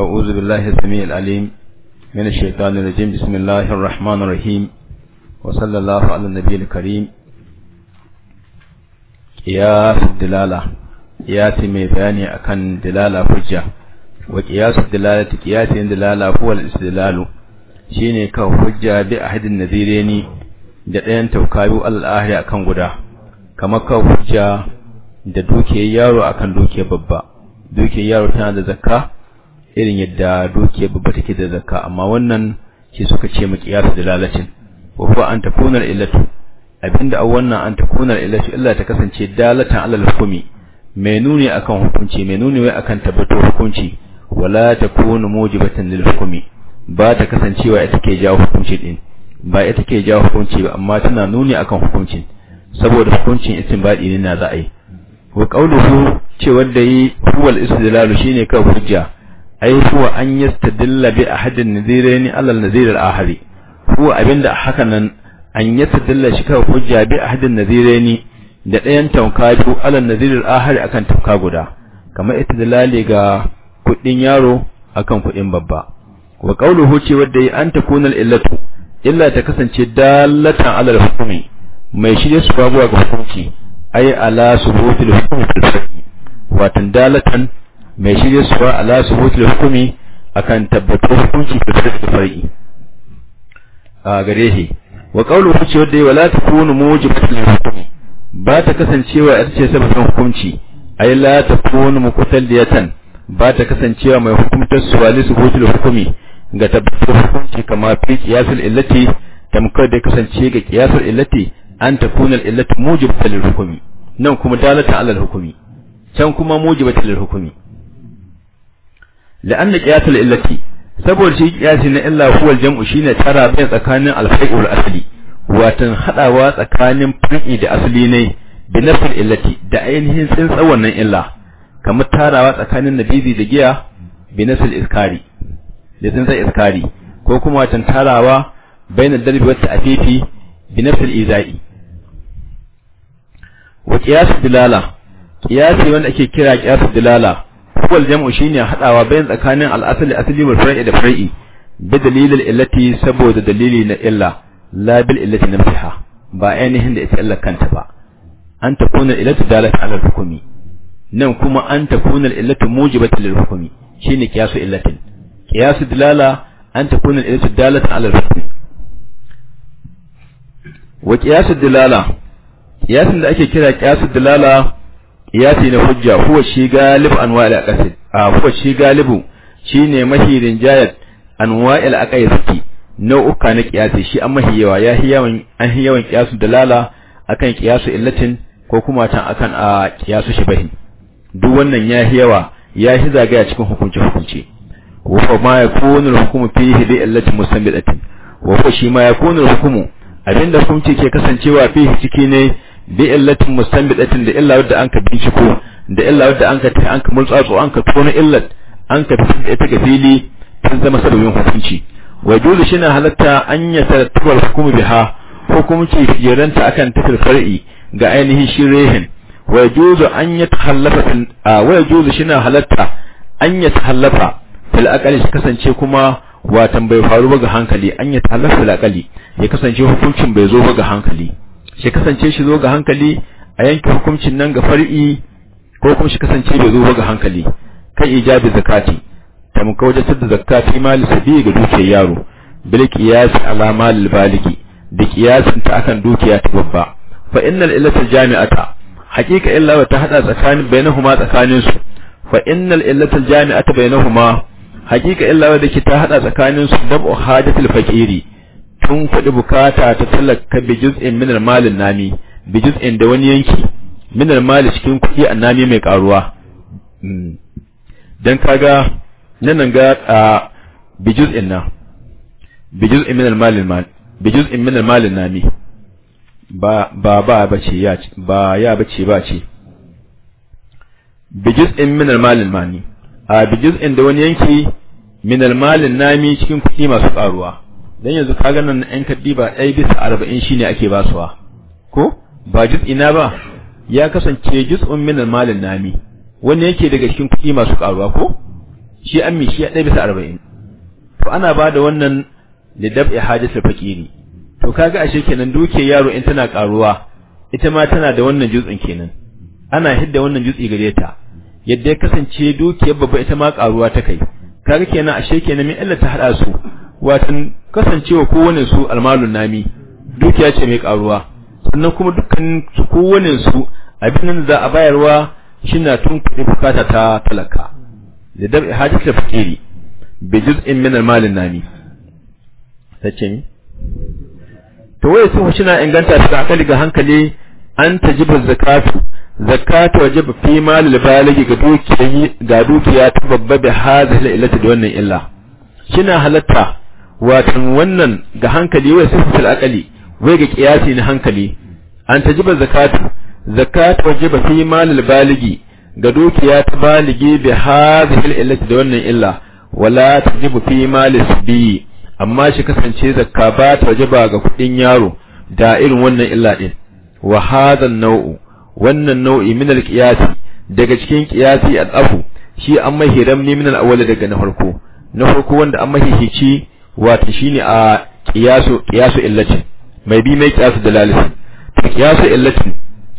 أعوذ بالله السميع العليم من الشيطان الرجيم بسم الله الرحمن الرحيم وصلى الله على النبي الكريم قياس الدلالة قياس ميباني أكن دلالة حجة وقياس الدلالة قياس الدلالة هو الاستدلال شيني كحجة بأحد النذيرين دقين توكايو الآهر أكن غدا كما كحجة da dukiyar yaro akan dukiyar babba dukiyar yaro tana da zakka irin yadda doke babba take da zakka amma wannan shi suka ce mu kiyasu lalacin wa fa an takuna illatu abinda a wannan an takuna illatu illa ta kasance dalatan alal hukumi mai nuni akan hukunci mai nuni wai akan tabbato hukunci wala ta kunu mujibatan lil hukumi ba ta kasancewa ita ke jawo hukunci din ba ita ke jawo hukunci ba amma tana nuni akan hukuncin saboda hukuncin istinbadi ne na za'ai wa qawluhu ce wanda yi huwal istidlalu shine ka hujja ai huwa an yastadilla bi ahadin nadiraini alal nadir al-ahadi huwa abinda haka nan an yastadilla shi kawai hujja bi ahadin nadiraini da ɗayan tauka biyu alal nadir al-ahadi akan tauka guda kamar istidlali ga kuɗin yaro akan kuɗin babba wa qawluhu ce wadda yi an takuna al-illatu illa ta kasance dalatan alal hukumi mai shirye su babuwa ga hukunci ai ala subutul hukumi wa watan dalatan mai shirye suwa ala subutul hukumi akan tabbatar hukunci da da farki a gare shi wa qawlu hukunci wanda ya wala takunu mujibatul hukumi ba ta kasancewa yar ce sababin hukunci ay la takunu muqtadiyatan ba ta kasancewa mai hukumtar suwa li subutul hukumi ga tabbatar hukunci kama fi qiyasul illati tamkar da kasance ga qiyasul illati an ta takuna al illatu mujibatul hukumi nan kuma dalata alal hukumi can kuma mujibatul hukumi لأن قياس الإلتي saboda shi kiyasi na illa huwal jam'u shine tara bai tsakanin alfai'ul asli watan hadawa tsakanin far'i da asli ne bi nafsil illati da ainihin tsintsa wannan illa kamar tarawa tsakanin nabizi da giya bi nafsil iskari da tsintsa iskari ko kuma watan tarawa bainal dalbi wa ta'fifi bi nafsil izai wa qiyas dilala qiyasi wanda ake kira qiyas dilala wal jam'u shine hadawa bayan tsakanin al asli asli wal far'i da far'i bi dalilil illati saboda dalili na illa la bil illati nafsiha ba ainihin da ita illa kanta ba an takuna illatu dalat ala hukumi nan kuma an takuna illatu mujibatu lil hukumi shine qiyasu illatin qiyasu dilala an takuna illatu dalat ala hukumi wa qiyasu dilala qiyasin da ake kira qiyasu dilala ya qiyasi na hujja huwa shi an galib a al a huwa shi galibu shi shine mahirin jayat anwa al aqaysi nau'uka na qiyasi shi an mahi yawa ya yawan an hiyawan qiyasu dalala akan qiyasu illatin ko kuma a kan a shi shibahi duk wannan ya yawa ya shi zagaya cikin hukunci hukunci wa ma yakunu al hukmu fihi bi illatin musammidatin wa shi ma yakunu al hukmu abinda hukunci ke kasancewa fihi ciki ne bi illatin mustanbidatin da illa wadda anka binciko da illa wadda anka ta anka mulsatsu anka tona illat anka fitar ta gafili fili tun zama sababin hukunci wa dole shi na halatta an ya tarattubar hukumu biha hukumci fiyaranta akan tafil far'i ga ainihin shirrehin wa yajuzu an ya tahallafa wa yajuzu shi na halatta an ya tahallafa fil aqali kasance kuma wa tambayi faru ba ga hankali an ya tahallafa fil aqali ya kasance hukuncin bai zo ba ga hankali shi kasance shi zo ga hankali a yanke hukuncin nan ga far'i ko kuma shi kasance bai zo ba ga hankali kan ijabi zakati tamka wajen sadda zakati mali sabi ga dukiyar yaro bil qiyas ala mal baligi da qiyasin ta akan dukiya ta babba fa innal illata jami'ata haqiqa illa wa ta hada tsakanin bainahuma tsakanin su fa innal illata jami'ata bainahuma haqiqa illa wa da ta hada tsakanin su dabu hajatul faqiri tun kuɗi bukata ta talaka bi juz'in min malin nami bi juz'in da wani yanki min mali cikin kuɗi annami mai karuwa hmm. dan kaga nan nan ga bi juz'in na bi juz'in min malin mal bi juz'in min malin nami ba ba ba bace ya ba ya bace ba ce bi juz'in min malin mani a bi juz'in da wani yanki min malin nami cikin kuɗi masu karuwa dan yanzu ka ganin ɗan kaddi ba ɗaya bisa arba'in shine ake basuwa ko ba ina ba ya kasance un min malin nami wanne yake daga cikin kuɗi masu ƙaruwa ko shi an mi shi ɗaya bisa arba'in to ana ba da wannan lidab'i hajjatul fakiri to kaga ashe kenan duke yaro in tana ƙaruwa ita ma tana da wannan juz'in kenan ana hidda wannan juz'i gare ta yadda ya kasance dukiyar babba ita ma ƙaruwa ta kai kaga kenan ashe kenan min ta hada su watan kasancewa kowane su almalun nami dukiya ce mai karuwa sannan kuma dukkan kowane su abin da za a bayarwa na tun kudi bukata ta talaka da dab hajjatul fakiri bi juz'in min almalin nami sace mi to waye su shina inganta su akali ga hankali an tajibu zakatu zakatu wajib fi malil baligi ga dukiya ga dukiya ta babba bi hadhihi illati da wannan illa shina halatta watan wannan ga hankali wai sifatul aqali wai ga kiyasi na hankali an tajiba zakatu zakat ba fi malil baligi ga dukiya ta baligi bi hadhihi illati da wannan illa wala tajibu fi malis bi amma shi kasance zakka ba ta wajiba ga kudin yaro da irin wannan illa din wa hadha nau'u wannan nau'i min al daga cikin qiyasi al-afu shi an mahiram ne min al daga na farko na farko wanda an mahihici wato shine a qiyasu qiyasu illati mai bi mai qiyasu dalalati qiyasu illati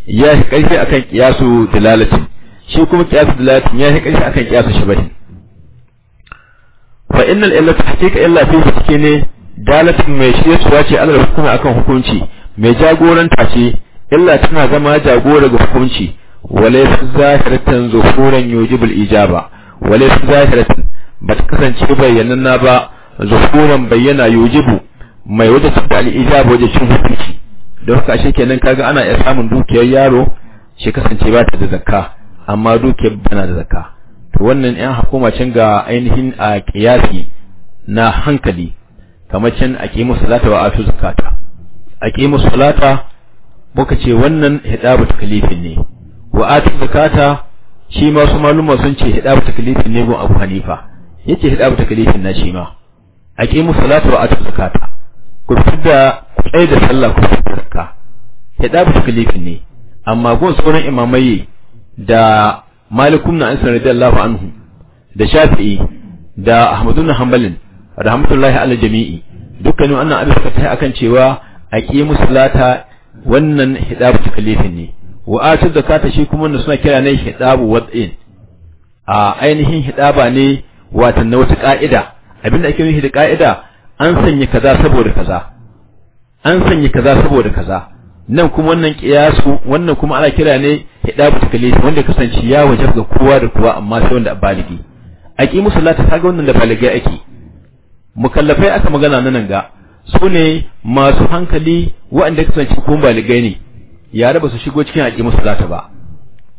ya shi karfi akan qiyasu dalalati shi kuma qiyasu dalalati ya shi karfi akan qiyasu shibahi fa innal illati hakika illa fi shike ne dalalati mai shirya ce alal hukuma akan hukunci mai jagoranta ce illa tana zama jagora ga hukunci walaysa zahiratan zuhuran yujibul ijaba walaysa zahiratan ta kasance na ba zukuran bayyana yujibu mai wajen al-ijab wajen cin hukunci don haka shi kenan kaga ana iya samun dukiyar yaro shi kasance ba ta da zakka amma dukiyar bana da zakka to wannan yan hukuma can ga ainihin a kiyasi na hankali kamar can aqimu salata wa atu zakata aqimu salata muka ce wannan hidabu taklifin ne wa atu zakata shi ma su maluma sun ce hidabu taklifin ne gun Abu Hanifa yace hidabu taklifin na shi ma a aqimu salata wa atu zakata ku da tsaye da sallah ku fidda zakka sai da su kalifin ne amma gon tsoron imamai da malikum na da radiyallahu anhu da shafi'i da ahmadun hanbalin rahmatullahi ala jami'i dukkanin wannan abin suka tafi akan cewa a aqimu salata wannan hidabu takalifin ne wa atu zakata shi kuma wannan suna kira ne hidabu wad'in a ainihin hidaba ne watan na wata ka'ida abinda ake nufi da ka'ida an sanya kaza saboda kaza an sanya kaza saboda kaza nan kuma wannan kiyasu wannan kuma ana kira ne hidabu takalif wanda kasance ya wajab ga kowa da kowa amma sai wanda baligi musu salata kaga wannan da baligi ake mukallafai aka magana nan ga su ne masu hankali waɗanda kasance kuma baligai ne yare ba su shigo cikin musu salata ba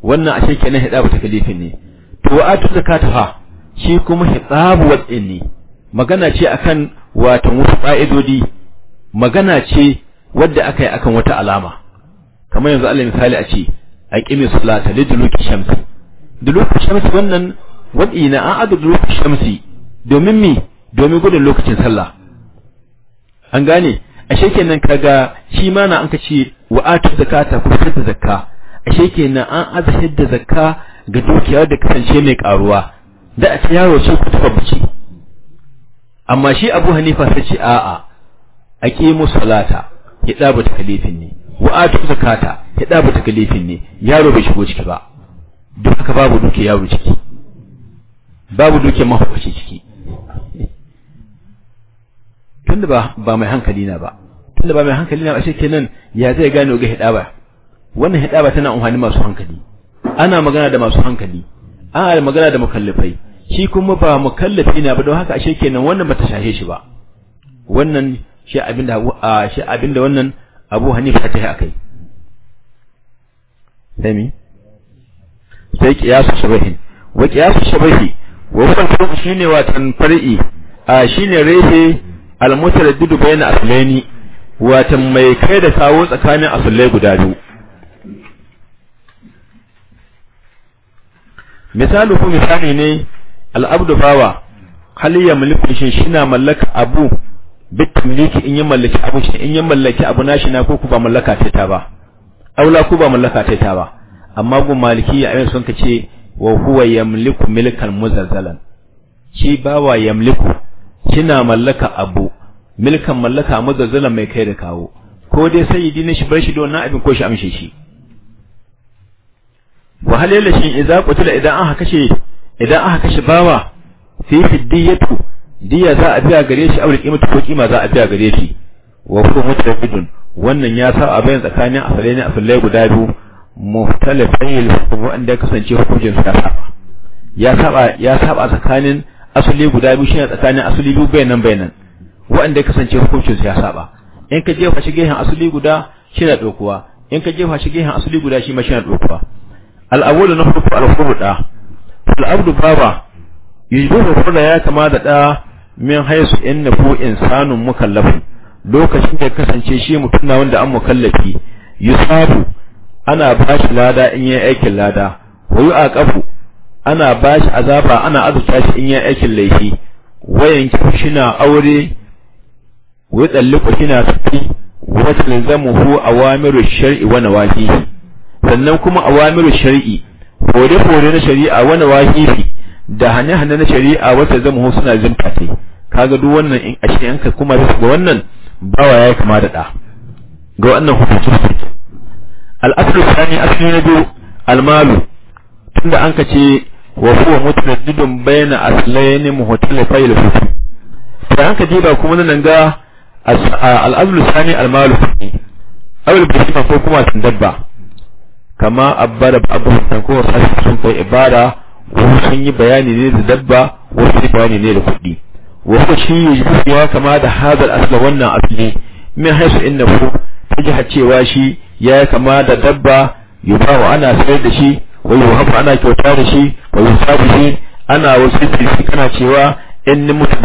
wannan ashe kenan hidabu takalifin ne to atu ta fa shi kuma hidabu wadin ne magana ce akan watan wasu fa'idodi magana ce wadda aka yi akan wata alama kamar yanzu Allah misali a ce a ƙimi salata li duluki shamsi duluki shamsi wannan wadi na an adu duluki shamsi domin mi domin gudun lokacin sallah an gane ashe kenan kaga shi ma na an kace wa atu zakata ku fitar da zakka ashe kenan an azahir da zakka ga dukiya da kasance mai karuwa da a ta yaro ce ku tafa amma shi abu hanifa sai ce a'a mu salata ba takalifin ne wa tu zakata ba takalifin ne yaro bai shigo ciki ba duk haka babu duke yaro ciki babu duke mahaukaci ciki tunda ba ba mai hankali na ba tunda ba mai hankali na ba kenan ya zai gane ga hidaba wannan hidaba tana umhani masu hankali ana magana da masu hankali ana magana da mukallafai shi kuma ba mukallafi ne ba don haka ashe kenan wannan bata shahe shi ba wannan shi abinda shi abinda wannan Abu Hanifa ta yi akai sai sai kiyasu shabahi wa kiyasu shabahi wa kuma shi shine watan far'i shine rehe al-mutaraddid bayna aslaini watan mai kai da kawo tsakanin asalai guda biyu misalu ku misali ne al'abdu bawa hali ya mulku shi shina mallaka abu tamliki in ya mallaki abu shi in ya mallaki abu nashi na ko ku ba mallaka ta ta ba aula ku ba mallaka ta ta ba amma gun ya ayin sun ce wa huwa yamliku milkan muzalzalan shi bawa yamliku na mallaka abu milkan mallaka muzalzalan mai kai da kawo ko dai sayyidi ne shi bar shi don na abin ko shi amshe shi wa halalashin idza qutila idan an haka shi idan aka kashe bawa sai fi diyatu diya za a biya gare shi aure kimatu ko kima za a biya gare shi wa huwa mutrafidun wannan ya sa a bayan tsakanin asalaini ne asalai guda biyu muhtalifai an ya kasance hukuncin ya saba ya saba ya saba tsakanin asali guda biyu shine tsakanin asali biyu bayanan bayanan wanda ya kasance hukuncin ya saba in ka jefa shi gehen asali guda shi na dokuwa in ka jefa shi gehen asali guda shi ma shi na dokuwa al-awwalu nahdu al-furda al'abdu baba yujubu da ya kama da ɗa min haisu ko insanun mukallafun lokacin da kasance shi mutum na wanda an mukallafi yusabu ana ba shi lada in yi aikin lada a yu'aqabu ana ba shi azaba ana azuta shi in yi aikin laifi wayan shina aure wa tsalliku shina tafi zamu hu awamiru shar'i wa nawahihi sannan kuma awamiru shar'i fore-fore na shari'a wani wahifi da hane-hane na shari'a wata zama suna jin fatai kaga duk wannan in a shi yanka kuma bisa ga wannan bawa yi kama da ɗa ga wannan hukunci suke al-aslu thani na biyu al-malu tunda an kace wa huwa mutaraddidun bayna aslayn muhtalifayil fiqh sai an ka diba kuma nan ga al-aslu thani al-malu awil bisma ko kuma sun dabba kama abba da abbara abubuwan ko wasu sun kai ibara wasu sun yi bayani ne da dabba wasu sun bayani ne da kuɗi wasu shi yajibu ya kama da hadal asla wannan asli min haisu ta tajaha cewa shi ya yi kama da dabba ba wa ana sayar da shi wa yuhabu ana kyauta da shi wa yusabu shi ana wasu shi kana cewa in ni mutu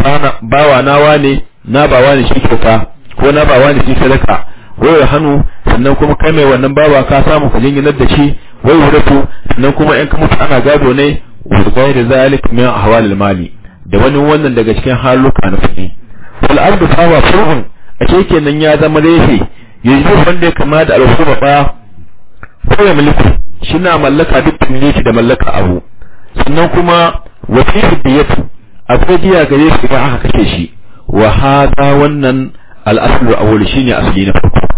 bawa na wane na bawa ne shi kyauta ko na bawa ne shi sadaka ko hannu sannan kuma kai mai wannan bawa ka samu ku jinginar da shi wai wuratu sannan kuma in ka mutu ana gado ne wa da zalik min al mali da wani wannan daga cikin haluka na kuɗi wal ardu fawa fur'un ashe kenan ya zama rafi yanzu wanda ya kama da alhuma ba ko ya mulku shi na mallaka duk tunje da mallaka abu sannan kuma wa da biyatu akwai biya gare shi ba aka kashe shi wa hada wannan al-aslu awwal shine asli na farko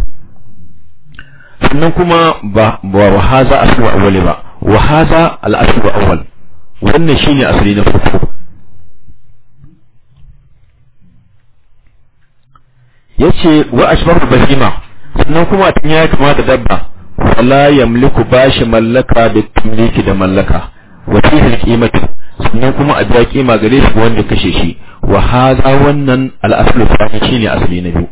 sannan kuma ba wa haza aslu awwali ba wa haza al aslu awwal wannan shine asali na farko yace wa ashbahu bahima sannan kuma tun ya kuma da dabba wala yamliku bashi mallaka da tumliki da mallaka wa fihi qimatu sannan kuma a biya kima gare shi wanda kashe shi wa hadha wannan al aslu thani shine asali na biyu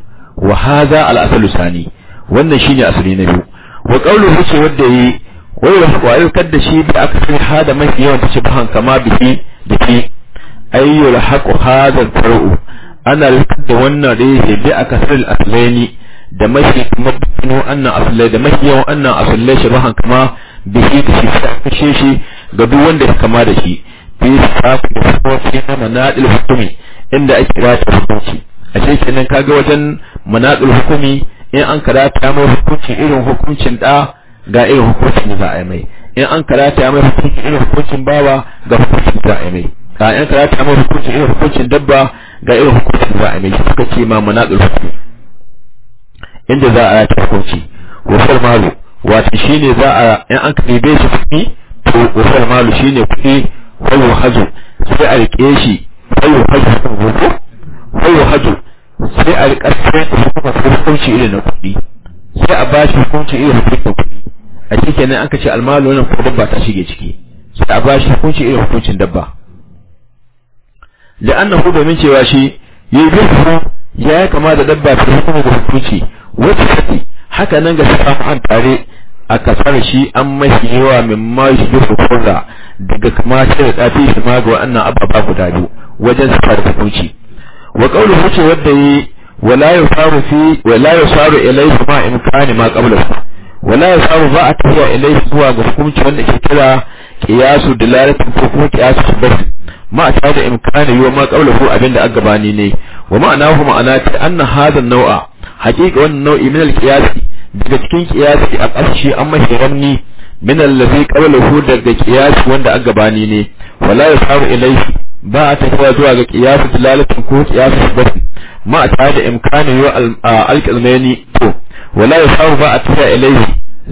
wa hadha al aslu thani wannan shine asali na biyu wa qawluhu ce wanda yi wai wasu kwayo kadda shi da aka fi hada mafi yawan tace bahan kama biki biki ayyul haqu hadha tar'u ana lakar da wannan da yake bi aka sirri aslaini da mafi kuma anna aslai asalai da mafi yawan anna asalai shi bahan kama biki da shi ta kashe shi ga duk wanda ya kama da shi bi safi da sosai na manadil hukumi inda ake ta hukunci a shekinan kaga wajen manadil hukumi in an karata mai hukuncin irin hukuncin da ga irin hukuncin da za a yi mai in an karata mai hukuncin irin hukuncin bawa ga hukuncin da za a yi mai ga in karata mai hukuncin irin hukuncin dabba ga irin hukuncin da za a yi mai suka ce ma munaqil hukmi inda za a rata hukunci wasal malu wato shine za a in an bai shi kuɗi to wasal malu shine kuɗi wal hazu sai a rike shi wal hazu wal hazu sai a rika sai kuma hukunci irin na kuɗi sai a bashi kunci irin na kuɗi a cikin nan aka ce almalu wannan ko dabba ta shige ciki sai a bashi kunci irin hukuncin dabba da annahu domin cewa shi yi bisu ya kama da dabba ta kuma da hukunci wata sati haka nan ga safa an tare a kasar shi an mashi yawa min ma shi hukunta daga kama sai da tafi shi ma ga wannan ababa guda biyu wajen safar hukunci wa qawlu huce wanda yi wala yusaru fi wala ma in kana ma qabla wala yusaru ba a tafiya ilayhi zuwa ga hukunci wanda ke kira qiyasu dalalatin ko kuma qiyasu shubhat ma a tada imkani yuwa ma qabla hu abinda aggabani ne wa ma'anahu ma'ana ta anna hadha nau'a haqiqa wannan nau'i min al-qiyasi daga cikin qiyasi a ƙarshe an mahiranni min allazi qabla daga wanda ne ba a tafiya zuwa ga kiyasu dilalatin ko kiyasu sabbatin ma a tare da imkanin yau alƙalmani to wala ya samu ba a tafiya ilaihi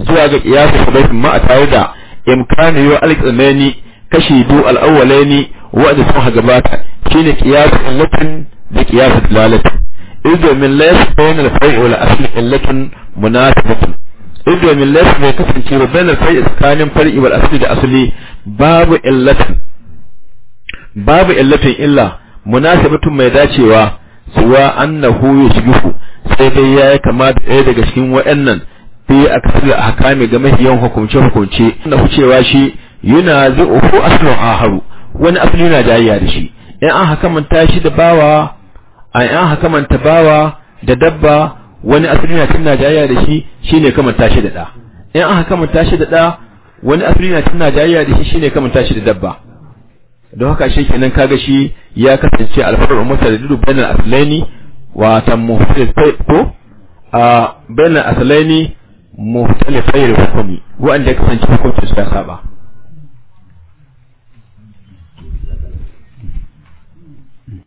zuwa ga kiyasu sabbatin ma a tare da imkanin yau alƙalmani kashi biyu al'awwalaini wanda sun ha gabata shine kiyasu illatin da kiyasu dilalatin ido min laysa bayna al-fai' wal asl illatin munasibatun ido min laysa bai kasance ba bayna al-fai' tsakanin far'i wal asli da asli babu illatin babu illatin illa munasibatun mai dacewa suwa annahu yusbihu sai dai yayi kama da ɗaya daga cikin waɗannan fi aksar ahkami ga mahiyan hukunce hukunce na cewa shi yana zu'uhu a aharu wani asali yana jayayya da shi in an hakamanta shi da bawa a an ta bawa da dabba wani asali yana tana jayayya da shi shine kamanta shi da da in an hakamanta shi da da wani asali yana tana jayayya da shi shine kamanta shi da dabba don haka shi kenan kaga shi ya kasance alfarar umarta da dudu bainal asalaini wa tan muhtalifai ko a bainal asalaini muhtalifai da hukumi wa'anda ya kasance hukuncin su ya saba